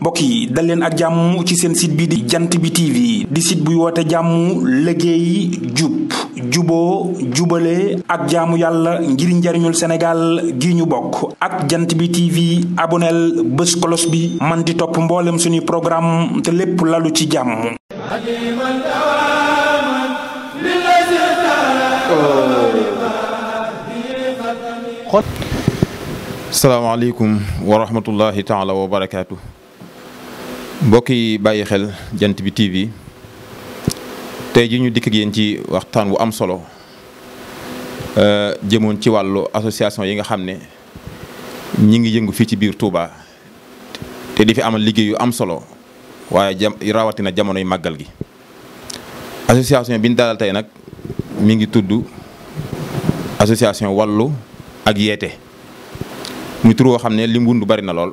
mbokk yi dal ak jàmm ci seen site bi di jant bi TV di site buy woote jàmm liggéey jub juboo jubale ak jaamu yàlla ngir njariñul Sénégal gi ñu bokk ak jant bi TV aboneel bés kolos bi man di topp mboolem suñuy programme te lépp lalu ci jàmm. salaamaaleykum wa rahmatullahi taala mbokk yi bàyyi xel jant bi TV tey ji ñu dikk ak yéen ci waxtaan wu am solo euh, jëmoon ci wàllu association yi nga xam ne ñi ngi yëngu fii ci biir Touba te di fi amal liggéey yu am solo waaye jam rawatina jamonoy màggal gi. association bi ñu dalal tey nag mi ngi tudd association wàllu ak yeete muy tur woo xam ne li mu bari na lool.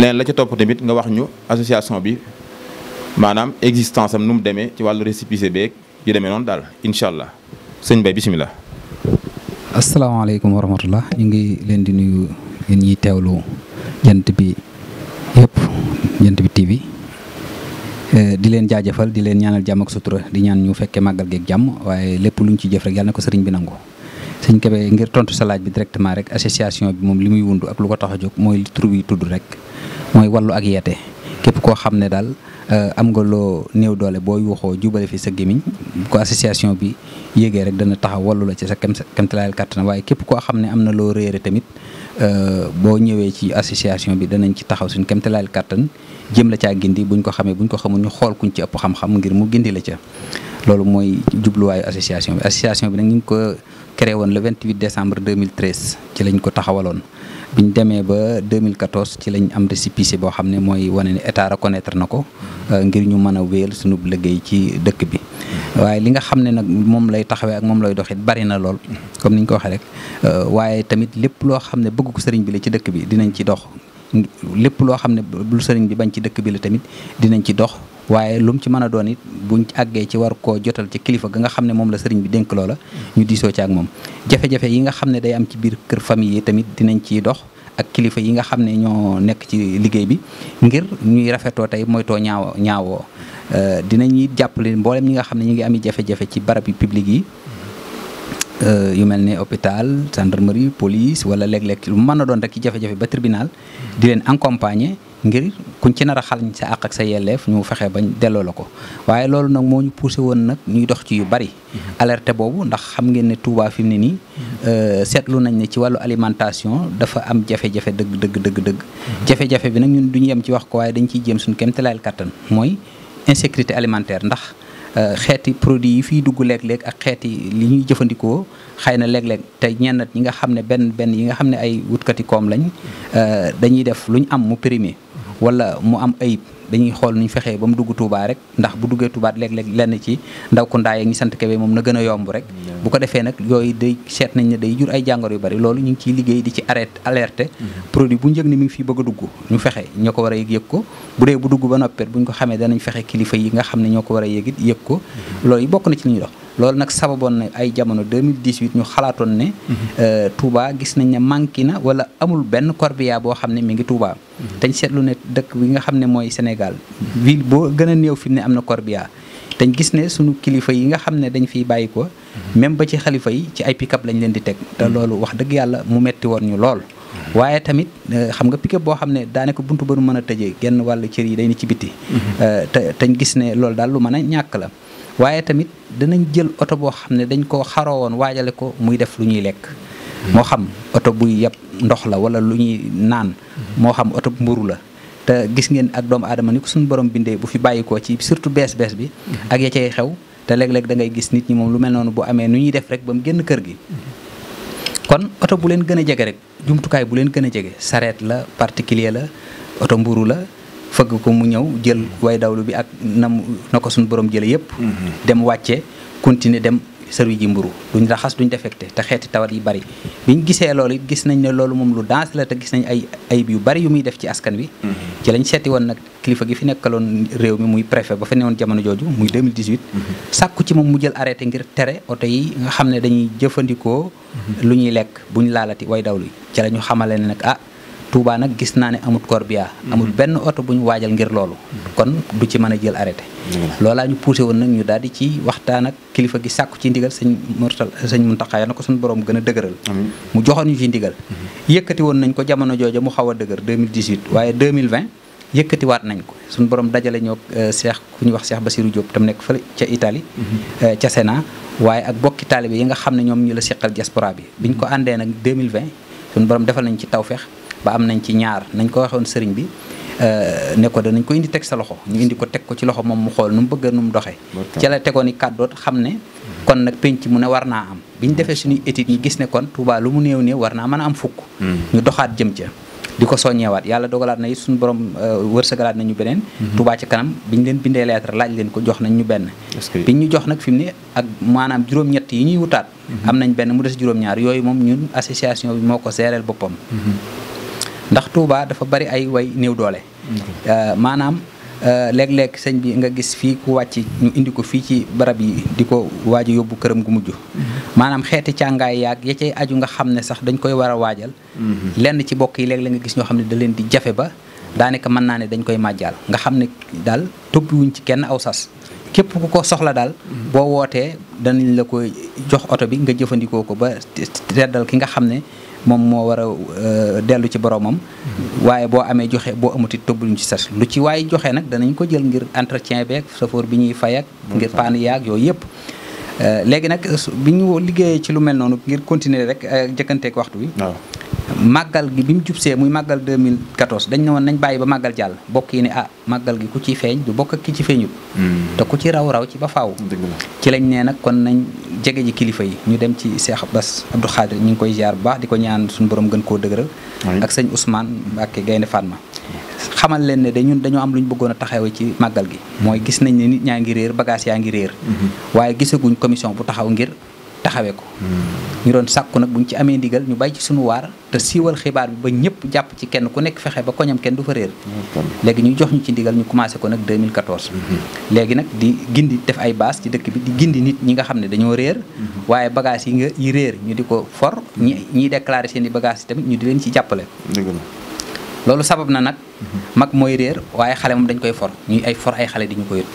leneen la ca topp tamit nga wax ñu association bi maanaam existence am nu mu demee ci wàllu récépissé beeg yu demee noonu daal incha allah sëñ Baye bisimilah. asalaamaaleykum wa rahmatullah ñu ngi leen di nuyu yéen ñiy teewlu jant bi yëpp ñent bi TV eh, di leen jaajëfal di leen ñaanal jàmm ak sutura di ñaan ñu fekkee màggal geeg jàmm waaye lépp luñ ci jëf rek yàlla ne ko sëriñ bi nangu. sëñ Kébé ngir tontu sa laaj bi directement rek association bi moom li muy wundu ak lu ko tax a jóg mooy tur bi tudd rek. mooy wallu ak yeete képp koo xam ne daal euh, am nga loo néew doole boo yuuxoo jubale fi sa gémmiñ ko association bi yéegee rek dana taxaw wallu la ci sa kem kemtalaayal kàttan waaye képp koo xam ne am na loo réere tamit euh, boo ñëwee ci association bi danañ ci taxaw suñ kemtalaayal kàttan jëm la caa gindi buñ ko xamee buñ ko xamul ñu xool kuñ ci ëpp xam-xam ngir mu gindi la ca loolu mooy jubluwaayu association bi association bi nag ñu ngi ko créé woon le 28 décembre 2013 ci lañ ko taxawaloon biñ demee ba 2014 ci lañ am récépissé boo xam ne mooy wane ne état reconnaître na ko euh, ngir ñu mën a wéyal sunu liggéey ci dëkk bi. waaye li nga xam ne nag moom lay taxawee ak moom lay doxit bari na lool comme niñ ko waxee rek euh, waaye tamit lépp loo xam ne bëgg ko sëriñ bi la ci dëkk bi dinañ ci dox. lépp loo xam ne lu sëriñ bi bañ ci dëkk bi la tamit dinañ ci dox waye lum ci meuna a doon it buñ àggee ci war ko jotal ci kilifa ga nga xam mom la sëriñ bi denk lola ñu diso ci ak mom jafe-jafe yi nga xam day am ci biir kër famille yi tamit dinañ ci dox ak kilifa yi nga xam ne ñoo nekk ci liggéey bi ngir ñuy tay moy to ñaaw euh, dinañ ñi jàppale mboolem ñi nga xam ñi ngi am jafe-jafe ci barab yi public yi euh, yu melni hôpital gendarmerie police wala léeg-léeg lu meuna doon rek ci jafe-jafe ba tribunal di len accompagner ngir kuñ ci nara xal xalañ sa àq ak sa yelleef ñu fexé bañ délo lako ko loolu nag poussé woon ñuy dox ci yu bari mm-hmm. alerte bobu ndax xam ngeen ne Touba fi ni ne nii mm-hmm. euh, seetlu nañ ne ci walu alimentation dafa am jafé jafé deug deug deug deug jafé jafé bi nak ñun duñu yem ci wax ko waaye dañ jëm suñu suñ kéemtalaayal kattan moy insécurité alimentaire ndax euh, xéti produit yi fi dugg léeg-léeg ak xéti li ñuy jëfëndiko xayna na léeg tay ñenat yi nga xam ne ben yi nga xam ay wutkati kom lañ mm-hmm. euh, dañuy def luñ am mu primé wala mu am ayib dañuy xool nuñ fexee ba mu dugg Touba rek ndax bu duggee Touba léeg-léeg lenn ci ndaw ko ndaay ñi sant Kébé moom na gën a yomb rek bu ko defee nag yooyu day seet nañ ne day jur ay jàngoro yu bari loolu ñu ngi ciy liggéey di ci arrêté alerte mm-hmm. produit bu njëg ni mi ngi fii bëgg a dugg ñu fexe ñoo ko war a yëg yëg ko bu dee bu dugg ba noppet buñ ko xamee danañ fexe kilifa yi nga xam ne ñoo ko war a yëgit yëg ko mm-hmm. loolu bokk na ci li ñuy dox loolu nag sababoon na ay jamono 2018 ñu xalaatoon ne. Mhm. Euh, Touba gis nañ ne manqué na wala amul benn corbillard boo xam ne mi ngi Touba. Mhm. dañ seetlu ne dëkk bi nga xam ne mooy Sénégal. ville boo gën a néew fi ne am na corbillard. dañ gis ne sunu kilifa yi nga xam ne dañ fi bàyyi ko. Mhm. même ba ci xalifa yi ci ay pick-up lañ leen di teg. te loolu wax dëgg yàlla mu metti woon ñu lool. waaye tamit euh, xam nga pick boo xam ne daanaka buntu ba nu mën a tëjee genn wàllu cër yi day ni ci biti. Euh, te te ñu gis ne loolu daal lu mën a ñàkk la. waye tamit danañ jël auto bo xamne dañ ko xaro won wajale ko muy def luñuy lek mo xam auto bu yab ndox la wala luñuy nan naan moo xam oto mburu la te gis ngeen ak doom adam ni ko sun borom bindee bu fi bayiko ci surtout bes bes bi ak ya cey xew te leg leg da ngay gis nit ñi mom lu mel non bu amé nuñuy def rek bam genn kër gi kon auto bu len gëna jégé rek jumtu kay bu len gëna jégé la particulier la auto mburu la fëgg ko mu ñëw jël way dawlu bi ak nam na ko suñu borom jële yëpp mm-hmm. dem wàcce continuer dem sëriñ ji mburu duñ raxas duñ defecte te xeeti tawat yi bari biñ gisee loolu gis nañ ne loolu moom lu daans la te gis nañ ay ayib yu bari yu muy def ci askan wi mm-hmm. ci lañ seeti woon nag kilifa gi fi nekkaloon réew mi muy préfet ba fa ne newoon jamono jooju muy 2018 mm-hmm. sàkku ci moom mu jël arrêté ngir tere oto yi nga xam ne dañuy jëfandikoo lu ñuy lekk buñ laalati way dawlu la ñu nag ah Touba nag gis naa ne amut corbia amul mm-hmm. benn oto bu ñu waajal ngir loolu mm-hmm. kon du ci mën a jël arrêté mm-hmm. loolaa ñu poussé woon nag ñu daal di ci waxtaan ak kilifa gi sàkku ci ndigal sëñ Murtal sëñ Muntaxa na ko suñu borom gën a dëgëral mu joxoon ñu ci woon nañ ko jamono jooja mu xaw a dëgër 2018 waaye 2020 yëkkatiwaat nañ ko suñu borom dajale ñoo seex euh, ku ñu wax seex Basiru Diop tam nekk fële ca itali euh, ca Sénat waaye ak bokki taalibe yi nga xam ne ñoom ñu la seqal diaspora bi biñ ko àndee nag 2020 suñu borom defal nañ ci tawfeex ba am nañ ci ñaar nañ ko waxoon sëriñ bi euh, ne ko danañ ko indi teg sa loxo ñu indi ko teg ko ci loxo moom mu xool nu mu bëgg nu mu doxee ca la tegoon i kàddoot xam ne kon nag penc mu ne war naa am bi ñu defee suñuy étude ñu gis ne kon Touba lu mu néew néew war naa mën a am fukk hmm. ñu doxaat jëm ca di ko soññeewaat yàlla dogalaat na it suñu borom euh, wërsëgalaat nañu beneen hmm. Touba ci kanam bi ñu leen bindee lettre laaj leen ko jox nañ ñu benn bi ñu jox nag fi mu ne ak maanaam juróom-ñett yi ñuy wutaat hmm. am nañ benn mu des juróom-ñaar yooyu moom ñun association bi moo ko seereel boppam ndax Touba dafa bari ay way néew doole euh, maanaam euh, léeg lekk sëñ bi nga gis fii ku wàcc ñu indi ko fii ci barab yi di ko waaj yóbbu këram gu mujj mhm. maanaam xeeti càngaay yaag ya cay aju nga xam ne sax dañ koy war a waajal mhm. lenn ci bokk yi léeg-léeg nga gis ñoo xam ne da leen di jafe ba daanaka mën naa ne dañ koy màjjaal nga xam ne dal toppiwuñ ci kenn aw sas képp ku ko soxla daal mhm. boo wootee danañ la koy jox oto bi nga jëfandikoo ko ba teddal ki nga xam ne moom moo war a euh, dellu ci boromam. waaye boo amee joxe boo amuti tëbbuñ ci sas lu ci waaye joxe nag danañ ko jël ngir entretien beeg safoor bi ñuy fay ak ngir paan yaag yooyu yëpp. Euh, léegi nag bi ñu liggéeyee ci lu mel noonu ngir continuer rek euh, jëkkanteeg waxtu wi. màggal gi bi mu jubsee muy màggal 2014 dañ ne woon nañ bàyyi ba màggal jàll bokk yi ne ah màggal gi ku ci feeñ du bokk ak ki ci feeñut hmm. te ku ci raw raw ci ba faaw ci lañ nee nag kon nañ jege ji kilifa yi ñu dem ci Cheikh Bass Abdou Khadir ñu ngi koy ziar bu baax di ko ñaan suñ borom gën koo dëgëral ak sëñ Ousmane Mbacke Gaynde Fatma xamal leen ne dañun dañoo am lu ñu bëggoon a taxawee ci màggal gi hmm. mooy gis nañ ne nit ñaa ngi réer bagage yaa ngi réer hmm. waaye gisaguñ commission bu taxaw ngir taxawee ko ñu doon sàkku nag bu ñu ci amee ndigal ñu bàyyi ci suñu waar te siiwal xibaar bi ba ñëpp jàpp ci kenn ku nekk fexe ba koñam kenn du fa réer léegi ñu jox ñu ci ndigal ñu commencé ko nag 2014 léegi nag di gindi def ay baas ci dëkk bi di gindi nit ñi nga xam ne dañoo réer waaye bagage yi nga yi réer ñu di ko for ñi ñiy déclaré seen i bagage yi tamit ñu di leen ci jàppale loolu sabab na nag mag mooy réer waaye xale moom dañ koy for ñu ay for ay xale di ko yët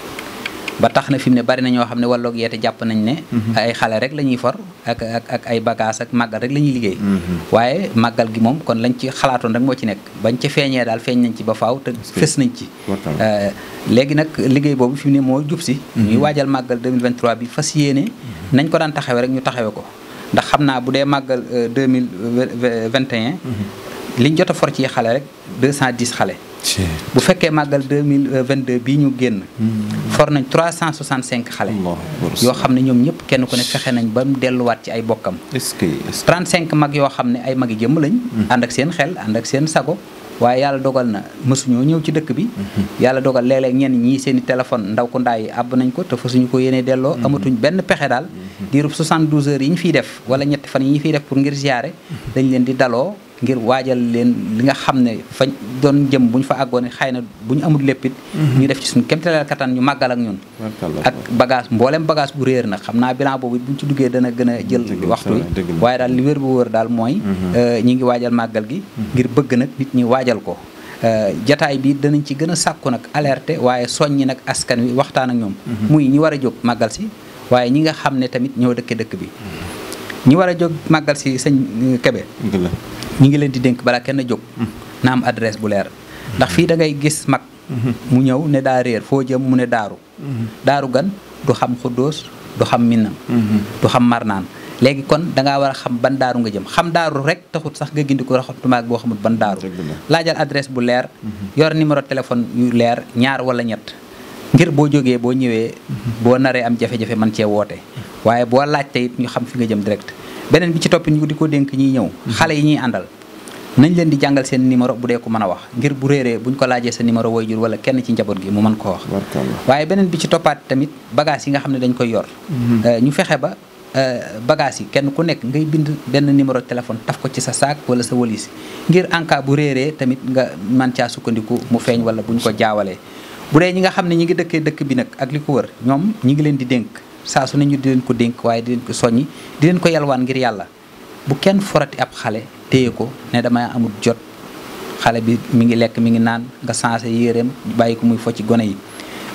ba tax na fi mu ne bari na ñoo xam ne wàlloog yeete jàpp nañ ne mhm. ay xale rek la ñuy for ak ak ay bagage ak màggal rek la ñuy liggéey mhm. waaye màggal gi moom kon lañ ci xalaatoon rek moo ci nekk bañ ca feeñee daal feeñ nañ ci ba faaw te fës nañ ci euh, léegi nag liggéey boobu fi mu ne moo jub si mhm. ñuy waajal màggal 2023 bi fas yéene nañ ko daan taxawee rek ñu taxawee ko ndax xam naa bu dee màggal euh, mille 2021 liñ jot for ci xale rek cent 210 xale bu fekkee màggal deux mille vingt deux bii ñu génn. Mm. for nañ trois cent soixante cinq xale. yoo xam ne ñoom ñëpp kenn ku ne fexe nañ ba mu delluwaat ci ay bokkam. est-ce que trente cinq mag yoo xam ne ay magi jëmm lañ. Mm. ànd ak seen xel ànd ak seen sago. waaye yàlla dogal na mësuñoo ñëw ci dëkk bi. Mm-hmm. yàlla dogal léeg-léeg ñenn ñii seen i téléphone ndaw ko ndaay yi àbb nañ ko te suñu ko yenee delloo. Mm-hmm. amatuñ benn pexe daal. Mm-hmm. diirub 72 heures yi ñu fi def wala ñetti fan yi ñu fiy def pour ngir ziyaare. dañ leen di daloo ngir waajal leen li nga xam ne fañ doon jëm bu ñu fa àggoon xëy na bu ñu amut léppit mhm. ñu def ci suñu kémtaleel kattan ñu màggal ak ñun ak bagage mbooleem bagage bu réer na xam naa bilan boobu bu ñu ci duggee dana gën a jël waxtu yi waaye daal li wér bu wër daal mooy mhm. euh, ñi ngi waajal màggal gi mhm. ngir bëgg nag nit ñi waajal ko euh, jataay bi danañ ci gën a sàkku nag alerte waaye soññi nag askan wi waxtaan ak ñoom muy ñi war a jóg màggal si waaye ñi nga xam ne tamit ñoo dëkke dëkk bi ñi war a jóg màggal si sëñ Kebe ñu ngi leen di dénk balaa kenn jóg mm-hmm. na am adresse bu leer ndax fii da ngay gis mag mm-hmm. mu ñëw ne daa réer foo jëm mu ne daaru mm-hmm. daaru gan du xam xuddoos du xam minna du xam marnaan léegi kon da ngaa war a xam ban daaru nga jëm xam daaru rek taxut sax nga gindi ko tumaak boo xamut ban daaru laajal adresse bu leer yor numéro téléphone yu leer ñaar wala ñett ngir boo jógee boo ñëwee boo naree am jafe-jafe man cee woote waaye boo laajte ñu xam fi nga jëm direct benen bi ci top ñu diko ko ñi ñew xalé yi ñi andal nañ leen di jangal seen numéro bu dee ko mëna wax ngir bu réré buñ ko laajee sa numéro wala kenn ci njabot gi mu mën ko wax waye benen bi ci topat tamit bagage yi nga xam dañ koy yor mhm. euh, ñu fexé ba euh, bagage yi kenn ku nekk ngay bind benn numéro téléphone taf ko ci sa sac wala sa walis ngir en cas bu réré tamit nga man ci sukkandiku mu feñ wala buñ ko jaawalé bu dé ñi nga xam ñi ngi dëkke dëkk bi nak ak li wër ñom ñi ngi leen di denk saa su ne ñu di leen ko dénk waaye di leen ko soññi di leen ko yalwaan ngir yàlla bu kenn forati ab xale téye ko ne dama amul jot xale bi mi ngi lekk mi ngi naan nga sensé yéreem bàyyi ko muy fo ci gone yi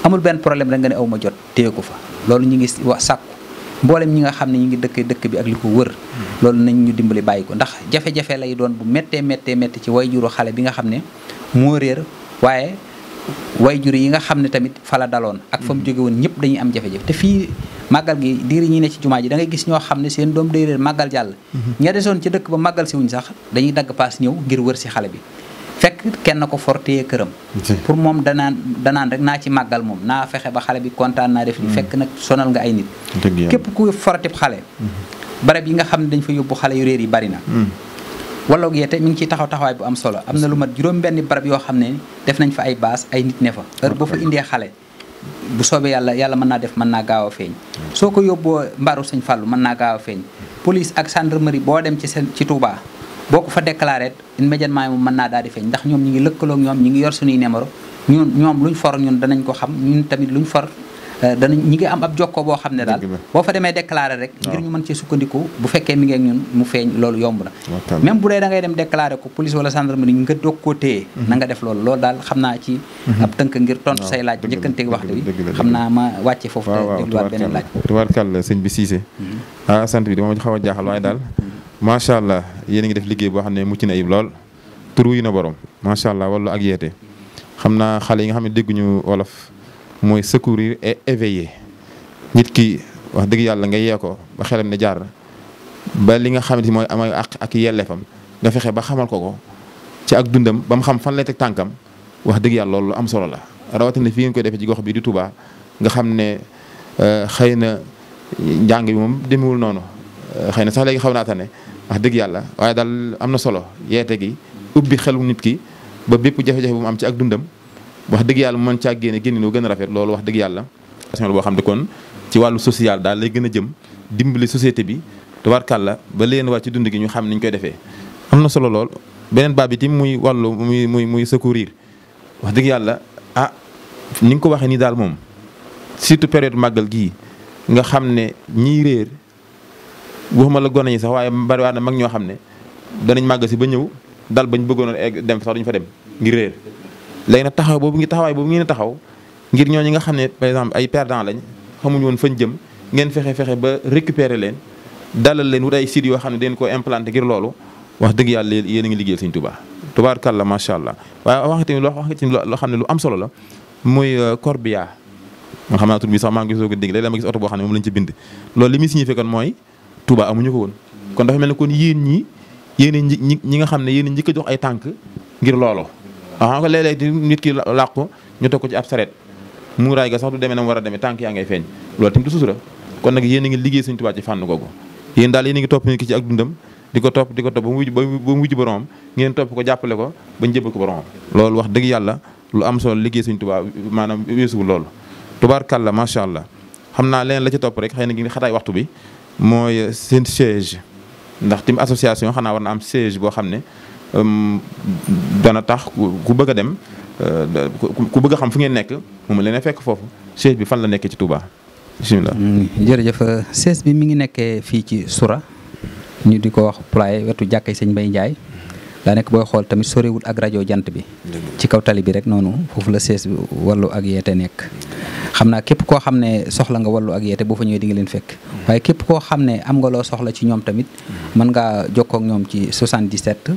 amul benn problème rek nga ne aw ma jot téye ko fa loolu ñu ngi wax sàkku mboolem ñi nga xam ne ñu ngi dëkkee dëkk bi ak li ko wër hmm. loolu nañ ñu dimbali bàyyi ko ndax jafe-jafe lay doon bu méttee méttee métti ci way juru xale bi nga xam ne moo réer waaye wayjur yi nga xam ne tamit fala daloon ak fa mu mm-hmm. jóge woon ñëpp dañuy am jafe-jafe te fii màggal gi diir ñi ne ci jumaa ji da ngay gis ñoo xam ne seen doom day réer màggal jàll mm-hmm. ña desoon ci dëkk ba màggal si wuñ sax dañuy dagg paas ñëw ngir wër si xale bi fekk kenn ko fortee këram pour moom danaan danaan rek naa ci màggal moom naa fexe ba xale bi kontaan naa def li mm-hmm. fekk nag sonal nga ay nit képp ku fortib xale barab yi nga xam ne dañ fa yóbbu xale yu réer yi bari na walloog yeete mi ngi ciy taxaw taxawaay bu am solo am na lu mat juróom benn barab yoo xam ne def nañ fa ay baas ay nit ne fa heure boo fa indee xale bu soobee yàlla yàlla mën naa def mën naa gaaw a feeñ soo ko yóbboo mbaru sëñ fàllu mën naa gaaw feeñ police ak gendarmerie boo dem ci seen ci Touba boo ko fa déclaré immédiatement moom mën naa daal di feeñ ndax ñoom ñi ngi lëkkaloog ñoom ñi ngi yor suñuy numéro ñun ñoom luñ for ñun danañ ko xam ñun tamit luñ for Euh, danañ ñi ngi am ab jokkoo boo xam ne daal boo fa demee déclaré rek ngir ñu mën cee sukkandiku bu fekkee mi ngi ak ñun mu feeñ loolu yomb na même bu dee da ngay dem déclaré ko police wala gendarmerie nga doog ko téye mhm. na nga def lool loolu daal xam naa ci mhm. ab tënk ngir tontu say laaj njëkkanteeg waxtu bi xam naa ma wàcce foofu te dégluwaat beneen laaj tubaarkàlla sëñ bi Cissé mhm. ah sant bi dama xaw a jaaxal waaye daal macha allah yéen a ngi def liggéey boo xam ne mucc na ayib lool tur borom macha allah wala ak yeete xam naa xale yi nga xam ne dégguñu wolof mooy secourir et éveiller nit ki wax dëgg yàlla nga yee ko ba xelam ne jaar ba li nga xamante ni mooy amay àq ak yelleefam nga fexe ba xamal ko ko ci ak dundam ba mu xam fan lay teg tànkam wax dëgg yàlla loolu lu am solo la rawatina fi ngeen koy defee ci gox bi di Touba nga xam ne euh, xëy na njàng bi moom demewul noonu euh, xëy na sax léegi xaw naa wax dëgg yàlla waaye daal am na solo yeete gi ubbi xelu nit ki ba bépp jafe-jafe bu mu am ci ak dundam wax dëgg yàlla mën caa génne génne noo gën rafet loolu wax dëgg yàlla boo xam ne kon ci wàllu social daal lay gën a jëm dimbali société bi tubaarkàlla ba leen waa ci dund gi ñu xam niñ koy defee am na solo lool beneen baab bi tim muy wàllu muy muy muy secourir wax dëgg yàlla ah ni nga ko waxee nii daal moom surtout période màggal gii nga xam ne ñii réer waxuma la gone yi sax waaye bari waa na mag ñoo xam ne danañ màggal si ba ñëw dal bañ bëggoon a dem sax duñ fa dem ngir réer léegi nag taxaw boobu ngi taxawaay boobu ngeen taxaw ngir ñooñu nga xam ne par exemple ay perdant lañ xamuñu woon fañ jëm ngeen fexe fexe ba récupérer leen dalal leen wut ay sites yoo xam ne dañ koo implanté ngir loolu wax dëgg yàlla yéen a ngi liggéeyal Sëñ Tuubaa tubaarkàlla macha allah waaye wax nga tamit wax nga loo xam ne lu am solo la muy euh, corbia nga xam naa tur sax maa ngi soog a dégg léeg ma gis oto boo xam ne moom lañ ci bind loolu li muy signifié kon mooy Touba amuñu ko woon kon dafa mel ne kon yéen ñi yéen ñi ñi nga xam ne yéen njëkk jox ay tànk ngir looloo xam nga léeg-léeg di nit ki làqu ñu teg ko ci ab saret muuraay ga sax du demee na war a demee yaa ngay feeñ loolu tamit du sutura kon nag yéen a liggéey Sëñ Tuubaa ci fànn googu yéen daal yéen ngi topp nit ki ci ak dundam di ko topp di ko topp ba mu wujj ba mu wujj boromam topp ko jàppale ko bañ jëbal ko boromam loolu wax dëgg yàlla lu am solo liggéey Sëñ Tuubaa maanaam weesuwul loolu tubaarkàlla macha allah xam naa leneen la ci topp rek xëy na ngi xataay waxtu bi mooy seen siège ndax tim association xanaa war na am siège boo xam ne dana tax ku bëgg a dem euh, ku bëgg xam fu ngeen nekk mu mën leen a fekk foofu siège bi fan la nekkee ci Touba bisimilah. Mm, jërëjëf sees bi mi ngi nekkee fii ci Soura ñu di ko wax Poulaye wetu jàkkay sëñ bay njaay daa nekk booy xool tamit sorewul ak rajo jant bi. ci kaw tali bi rek noonu foofu la sees bi wallu ak yeete nekk. xam naa képp koo xam ne soxla nga wallu ak yeete boo fa ñëwee di nga leen fekk. waaye képp koo xam ne am nga loo soxla ci ñoom tamit mën ngaa jokkoo ak ñoom ci 77.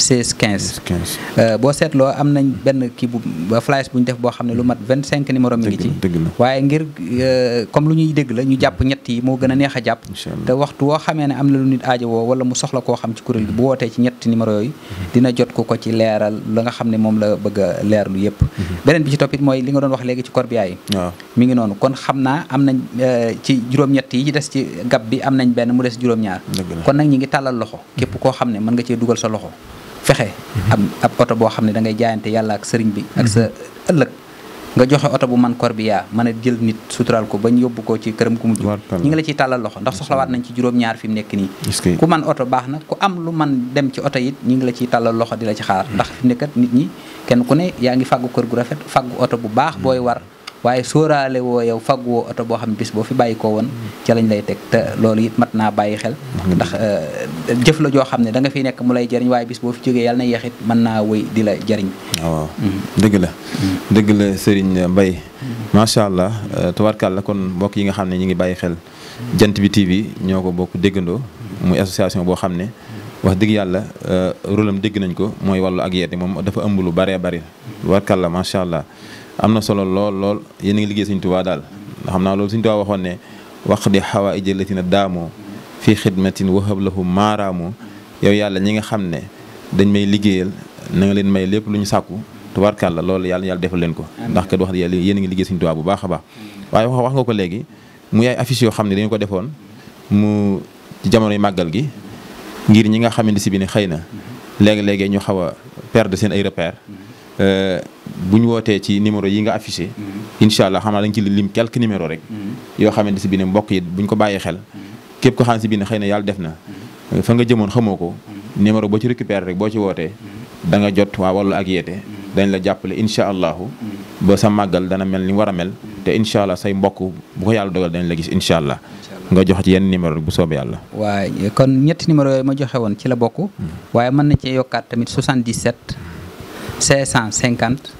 16 15. Euh, boo seetloo am nañ benn kii bu flash bu ñu def boo xam ne lu mat vingt cinq numéro mi ngi ci. waaye ngir euh, comme lu ñuy dégg la ñu jàpp ñett yi moo gën a neex a jàpp. te waxtu woo xame ne am na lu nit aajo woo wala mu soxla koo xam ci kuréel gi bu wootee ci ñett numéro yooyu. Mm-hmm. dina jot ko ko ci leeral la nga xam ne moom la bëgg a leerlu yëpp. Mm-hmm. beneen bi ci toppit mooy li nga doon wax léegi ci corbia yi. mi ngi noonu kon xam naa am nañ euh, ci juróom-ñett yi ci des ci gab bi am nañ benn mu des juróom-ñaar. kon nag ñi ngi tàllal loxo képp mm-hmm. koo xam ne mën nga cee dugal sa loxo fexe am ab oto boo xam ne dangay jaayante yàlla ak sëriñ bi ak sa ëllëg nga joxe oto bu man kor bi yaa mën a jël nit suturaal ko bañ yóbbu ko ci këram ku mujj ñi ngi la ciy tàllal loxo ndax soxlawaat nañ ci juróom-ñaar fi mu nekk nii ku man oto baax na ku am lu man dem ci oto it ñi ngi la ciy tàllal loxo di la ci xaar ndax fi nekkat nit ñi kenn ku ne yaa ngi fàggu kër gu rafet fàggu oto bu baax booy war waaye sóoraale woo yow fag woo oto boo xam bis boo fi bàyyi koo woon ci lañ lay teg te loolu it mat naa bàyyi xel ndax euh, jëf la joo xam ne da nga fiy nekk mu lay jëriñ waaye bis boo fi jógee yàlla na naa wëy di la jëriñ ah, waaw hmm. dëgg la hmm. dëgg la Serigne Mbaye hmm. macha allah euh, tubaarkàlla kon mbokk yi nga xam ne ñu ngi bàyyi xel jant bi TV ñoo ko bokk déggandoo muy association boo xam ne wax dëgg yàlla euh, rôlam dégg nañ ko mooy wàllu ak yeete moom dafa ëmb lu baree bari tubaarkàlla macha allah am na solo lool lool yéen a ngi liggéey Sëñ Tuubaa daal xam naa loolu Sëñ Tuubaa waxoon ne wax di xawaa ija latina daamoo fii xidmatin wahab lahu maaraamoo yow yàlla ñi nga xam ne dañ may liggéeyal na leen may lépp lu ñu sàkku tubaarkàlla loolu yàlla yàlla defal leen ko ndax kat wax di yàlla yéen a ngi liggéey Sëñ Tuubaa bu baax a baax mm. waaye wax nga ko léegi mu yaay affiche yoo xam ne dañu ko defoon mu jamonoy màggal gi ngir ñi nga xamante si bi ne xëy na mm-hmm. léegi-léegi ñu xaw a perdre seen ay repères mm-hmm. euh, bu ñu wootee ci numéro yi nga affiché mm-hmm. incha allah xam naa dañ ci lim quelques numéro rek mm-hmm. yoo xamante si bi ne mbokk yi bu ñu ko bàyyee xel mm-hmm. képp ko xam si bi ne xëy na yàlla def na fa nga jëmoon xamoo ko numéro boo ci récupéré rek boo ci wootee danga jot waa wàllu ak yeete dañ la jàppale incha allahu ba sa maggal dana mel ni war a mel te incha allah say mbokk bu ko yàlla dogal dañ la gis incha allah nga jox ci yenn numéro bu soobee yàlla. waaye kon ñetti numéro woon ci la bokk. waaye mën na cee yokkaat tamit 77 550.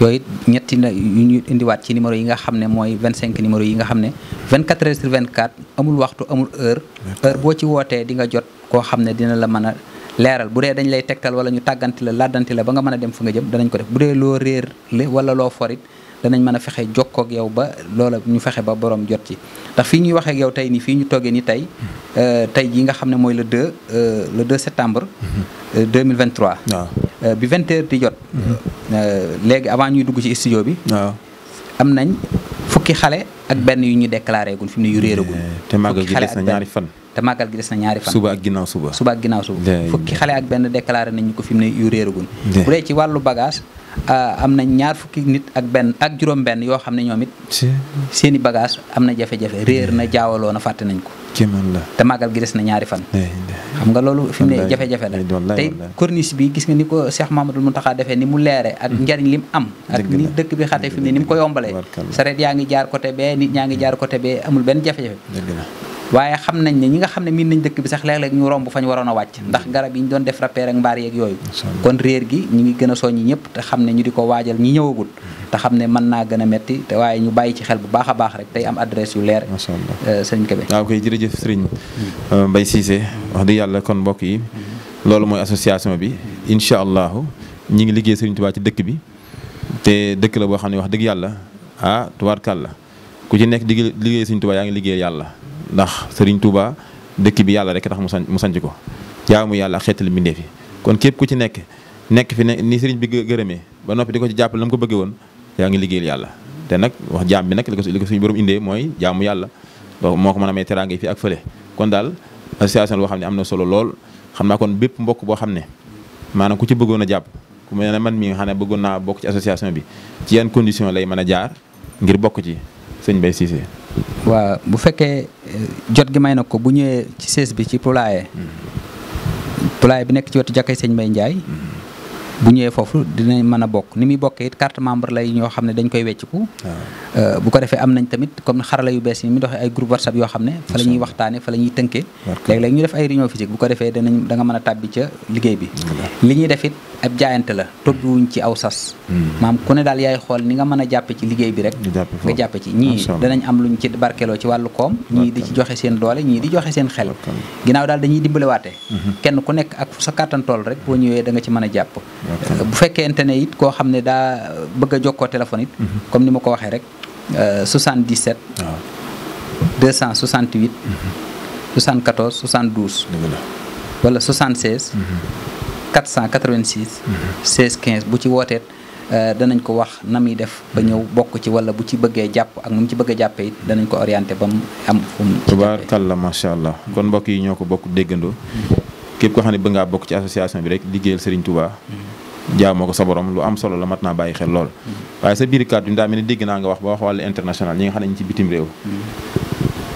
yooyu ñetti na yu ñu indiwaat ci numéro yi nga xam ne mooy vingt 25 numéro yi nga xam ne 24 heures sur 24 amul waxtu amul heure heure boo ci wootee dinga jot koo xam ne dina la mën a leeral bu dee dañ lay tegtal wala ñu tàgganti la laadanti la ba nga mën a dem fa nga jëm danañ ko def bu dee loo réer le wala loo forit danañ mën a fexe jokkoo ak yow ba loola ñu fexe ba boroom jot ci ndax fii ñuy waxee ak yow tey nii fii ñu toggee nii tey euh, tey jii nga xam ne mooy le 2 euh, le 2 septembre 2023 mm-hmm. euh, waaw bi 20 heures di jot mm-hmm. léegi avant ñuy dugg ci studio bi am nañ fukki xale ak benn yu ñu déclaré gun fi mu ne yu réeragul te màggal gi des na ñaari te màggal gi des na ñaari fan suba ak ginnaaw suba suba ak ginnaaw suba fukki xale ak benn déclaré nañ ñu ko fi mu ne yu réeragul bu dee ci wàllu bagage Euh, am na ñaar fukki nit ak benn ak juróom-benn yoo xam ne ñoom it. seen i bagage am na jafe-jafe réer na jaawaloo na fàtte nañ ko. te màggal gi des na ñaari fan. xam nga loolu fi mu ne jafe-jafe la tey corniche bi gis nga ni ko Cheikh mu Mountakha defe ni mu leere ak mm. njariñ lim am. ak ni dëkk bi xatee fi mu ne ni mu ko yombalee. sareet yaa ngi jaar côté bee nit ñaa ngi jaar côté bee amul benn jafe-jafe. waaye xam nañ ne ñi nga xam ne miin nañ dëkk bi sax léeg-léeg ñu romb fañ waroon a wàcc mm-hmm. ndax garab yi ñu doon def rappel ak mbaar yeeg yooyu kon réer gi ñu ngi gën a soññi ñëpp te xam ne ñu di ko waajal ñi ñëwagut mm-hmm. te xam ne mën naa gën a metti te waaye ñu bàyyi ci xel bu baax a baax rek tey am adresse yu leer sëriñ euh, Kébé waaw koy jërëjëf sëriñ mm-hmm. euh, mbay Cissé wax dëgg yàlla kon mbokk yi loolu mooy association bi incha allahu ñi ngi liggéey sëriñ Tuubaa ci dëkk bi te dëkk la boo xam ne wax dëgg yàlla ah tubaarkàlla ku ci nekk di liggéey sëriñ Tuubaa yaa ngi liggéey yàlla ndax Serigne Touba dëkk bi yàlla rek tax mu san mu sanc ko jaamu yàlla xeetali mbindeef yi kon képp ku ci nekk nekk fi ne ni Serigne bi gërëmee ba noppi di ko ci jàppale na mu ko bëggee woon yaa ngi liggéeyal yàlla te nag wax jaam bi nag li ko li ko suñu borom indee mooy jaamu yàlla moo ko mën a may teraanga yi fii ak fële kon daal association boo xam ne am na solo lool xam naa kon bépp mbokk boo xam ne maanaam ku ci bëggoon a jàpp ku mel ne man mi nga xam ne bëggoon naa bokk ci association bi ci yan condition lay mën a jaar ngir bokk ci sëñ Mbaye Cissé waaw bu fekkee jot gi may na ko bu ñëwee ci sées bi ci poulailler mm-hmm. poulailler bi nekk ci wetu jàkkay sëñ Mbay Njaay bu ñëwee foofu dinañ mën a bokk ni muy bokkee it carte membre lay ñoo xam ne dañ koy wecciku ah. euh, bu ko defee am nañ tamit comme xarala yu bees yi mu doxee ay groupe whatsapp yoo xam ne fa la ñuy waxtaane fa la ñuy tënkee léeg ñu def ay réunion physique bu ko defee danañ da nga mën a tàbbi ca liggéey bi li ñuy def it ab jaayante la tobbiwuñ ci aw sas hmm. maam ku ne daal yaay xool ni nga mën a jàppe ci liggéey bi rek nga jàppe ci ñii danañ am lu ñu ci barkeloo ci wàllu koom ñii di ci joxe seen doole ñii di joxe seen xel ginnaaw daal dañuy dimbalewaate hmm. kenn ku nekk ak sa kàttan tool rek boo ñëwee da ci mën a jàpp bu fekkente ne it koo xam ne daa bëgg a jokkoo téléphone it. Mhm. comme ni ma ko waxee rek 77. waaw 268. 74 72. dëgg la wala 76. 486. 16 15 bu ci wooteet euh, danañ ko wax na muy def ba mhm. ñëw bokk ci wala bu ci bëggee jàpp ak nu mu ci a jàppee it danañ ko orienté ba mu am fu mu. tubaarkàlla macha allah kon mbokk yi ñoo ko bokk déggandoo. Mhm. képp ko xam ne bëgg ngaa bokk ci association bi rek liggéeyal Serigne Touba. jaamoo ko sa borom lu am solo la mat naa bàyyi xel lool. Mm-hmm. waaye sa biir kàddu yi daa mel dégg naa nga wax ba wax wàllu international ñi ñu ci mm-hmm.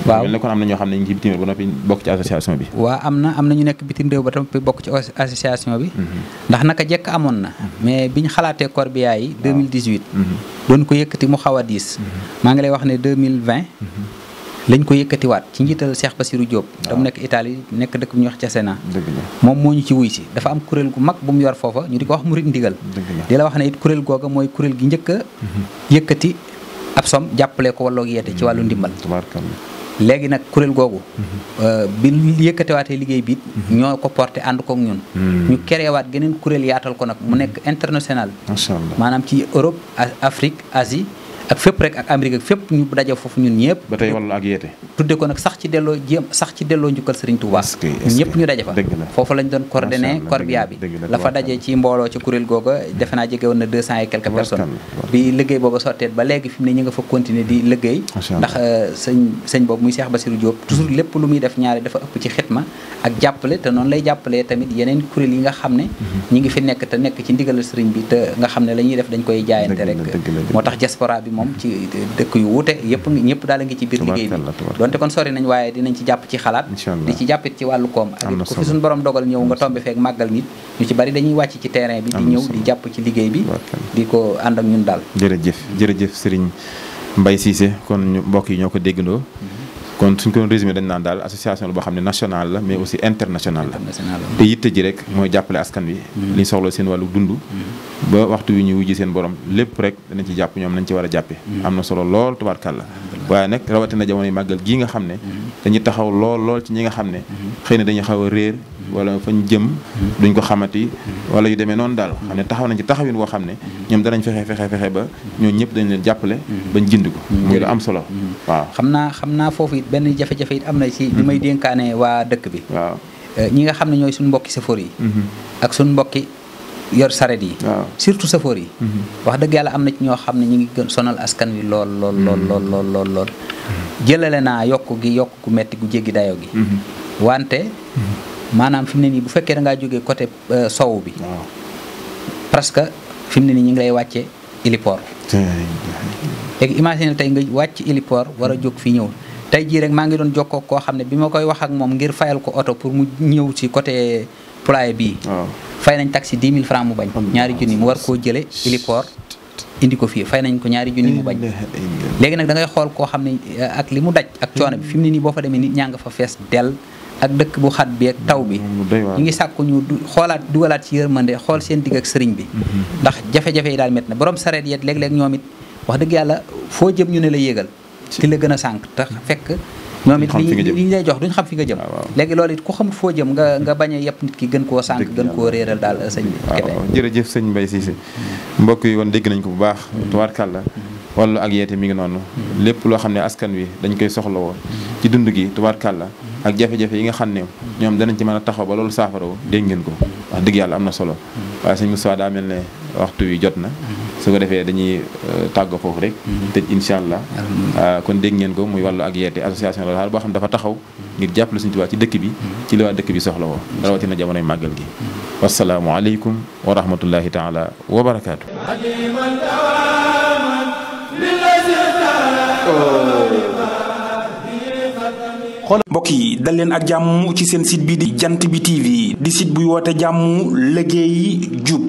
waaw mel ne na ñoo xam ne ñu ci bitim réew ba noppi bokk ci association bi. waaw am na am ñu nekk bitim réew ba noppi bokk ci association bi. Mm-hmm. ndax naka jekk amoon na. mais bi ñu xalaatee corbillard yi. waaw 2018. doon ko yëkkati mu xaw a diis. maa ngi lay wax ne vingt lañ ko yëkkatiwaat ci njiital Cheikh Bassirou Diop. waaw dam nekk Italie nekk dëkk bu ñuy wax Cesena. moom moo ñu ci wuy si dafa am kuréel gu mag bu mu yor foofa ñu di ko wax mu murit ndigal. di la wax ne it kuréel mooy kuréel gi njëkk mhm. yëkkati ab som jàppale ko wàllu ci wàllu mhm. ndimbal. léegi nag kuréel googu. Mhm. Euh, bi yëkkatewaatee liggéey bi ñoo ko porté ànd kook ñun. ñu kerewaat geneen kuréel yaatal ko nag mu nekk international. maanaam ci Europe Afrique asi ak fépp rek ak Amérique ak fépp ñu daje foofu ñun ñëpp. ba tey ak sax ci delloo jéem sax ci delloo njukkal Serigne Touba. ñëpp ñu daje fa. foofu lañ doon coordonné corbia bi. la fa daje ci mbooloo ci kuréel googa defe naa jege woon na deux ndax euh, sëñ sëñ muy Cheikh Bassirou Diop. Mm-hmm. toujours lépp lu muy def ñaari dafa ëpp ci xitma ak jàppale te noonu lay jàppalee tamit yeneen kuréel yi nga xam ne mm-hmm. ñi ngi fi nekk te nekk ci ndigalal sëriñ bi te nga xam ne la ñuy def dañ koy jaayante rek moom ci dëkk yu wuute yëpp ñëpp daal a ngi ci biir liggéey bi donte kon sori nañ waaye dinañ ci jàpp ci xalaat di ci jàppit ci wàllu koom ak ku fi suñu borom dogal ñëw nga tombe feek màggal nit ñu ci bari dañuy wàcc ci terrain bi di ñëw di jàpp ci liggéey bi di ko ànd ak ñun daal jërëjëf sëriñ mbay Mbaye Cissé kon mbokk yi ñoo ko déggandoo mm-hmm. kon suñ ko doon résumé dañ naan daal association la xam ne nationale la mais aussi internationale la te yitte ji rek mooy jàppale askan wi mm-hmm. li ñu soxla seen wàllu dund mm-hmm. ba waxtu wi ñu wujji seen borom lépp rek danañ ci jàpp ñoom nañ ci war a jàppe mm-hmm. am na solo lool la waaye nag rawatina jamono yi màggal gii nga xam ne dañuy taxaw lool lool ci ñi nga xam ne xëy na dañu xaw a réer wala fañ jëm duñ ko xamati wala yu demee noonu daal xam ne taxaw nañ ci taxawin woo xam ne ñoom danañ fexe fexe fexe ba ñooñu ñëpp dañu leen jàppale bañ jind ko mm-hmm. muy lu am solo mm-hmm. waaw xam naa xam naa foofu it benn jafe am na ci li may mm-hmm. dénkaane waa dëkk bi waaw eh, ñi nga xam ne ñooy suñu mbokki safoor yi ak suñu mbokki yor saret yi surtout safoor yi wax dëgg yàlla am na ci ñoo xam ne ñu ngi gën sonal askan wi lool lool lool lool lool lool lool jëlale naa yokk gi yokk gu metti gu jéggi dayo gi wante maanaam fi mu ne nii bu fekkee dangaa jóge jógee euh, sow bi. parce que fi mu ne nii ñu ngi lay wàccee héliport. léegi imagine tey nga wàcc héliport war a jóg fii ñëw tey jii rek maa ngi doon jokkoo koo xam ne bi ma koy wax ak moom ngir fayal ko oto pour mu ñëw ci côté poulailler bi fay nañ taxi 10 000 francs mu bañ. ñaari junni mu war koo jëlee héliport. indi ko fii fay nañ ko ñaari junni mu bañ léegi nag dangay xool koo xam ne euh, ak li mu daj ak coono bi fi mu ne nii boo fa demee nit ñaa nga fa fees dell ak dekk bu xat bi ak taw bi ñu ngi sakku ñu xolaat dugalaat ci yermande xol seen dig ak serigne bi ndax jafé jafé yi daal met na borom sareet yeet leg leg ñoom wax dëgg yalla fo jëm ñu ne la yegal ci la gëna sank tax fekk ñoom it li ñu lay jox duñ xam fi nga jëm léegi loolu ku xam fo jëm nga nga baña yep nit ki gën ko sank gën ko réeral daal sëñ bi jërëjëf sëñ Mbaye Cissé mbokk yi won dégg nañ ko bu baax tubaarkàlla wallu ak yete mi ngi nonu lepp lo xamne askan wi dañ koy soxlawoo ci dund gi tubaarkàlla ak jafe-jafe yi nga xam ne ñoom danañ ci mën a taxaw ba loolu saafara dégg ngeen ko wax dëgg yàlla am na solo waaye sëñ Moustapha daa mel ne waxtu wi jot na su ko defee dañuy euh, tàgg foofu rek mm-hmm. tëj incha allah ah, kon dégg ngeen ko muy wàllu ak yeete association locale boo xam ne dafa taxaw ngir jàppale Sëñ Tuubaa ci dëkk bi mm-hmm. ci li waa dëkk bi soxla woo mm-hmm. rawatina jamonoy màggal gi wasalaamu aleykum wa rahmatullahi taala wa barakaatu xool mbokk yi dal leen ak jàmm ci seen site bi di jant bi TV di site buy woote jàmm liggéey jub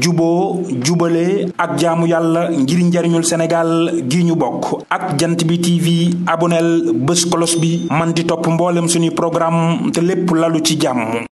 juboo jubale ak jaamu yàlla ngir njariñul Sénégal gi ñu bokk ak jant bi TV aboneel bés kolos bi man di topp mboolem suñuy programme te lépp lalu ci jàmm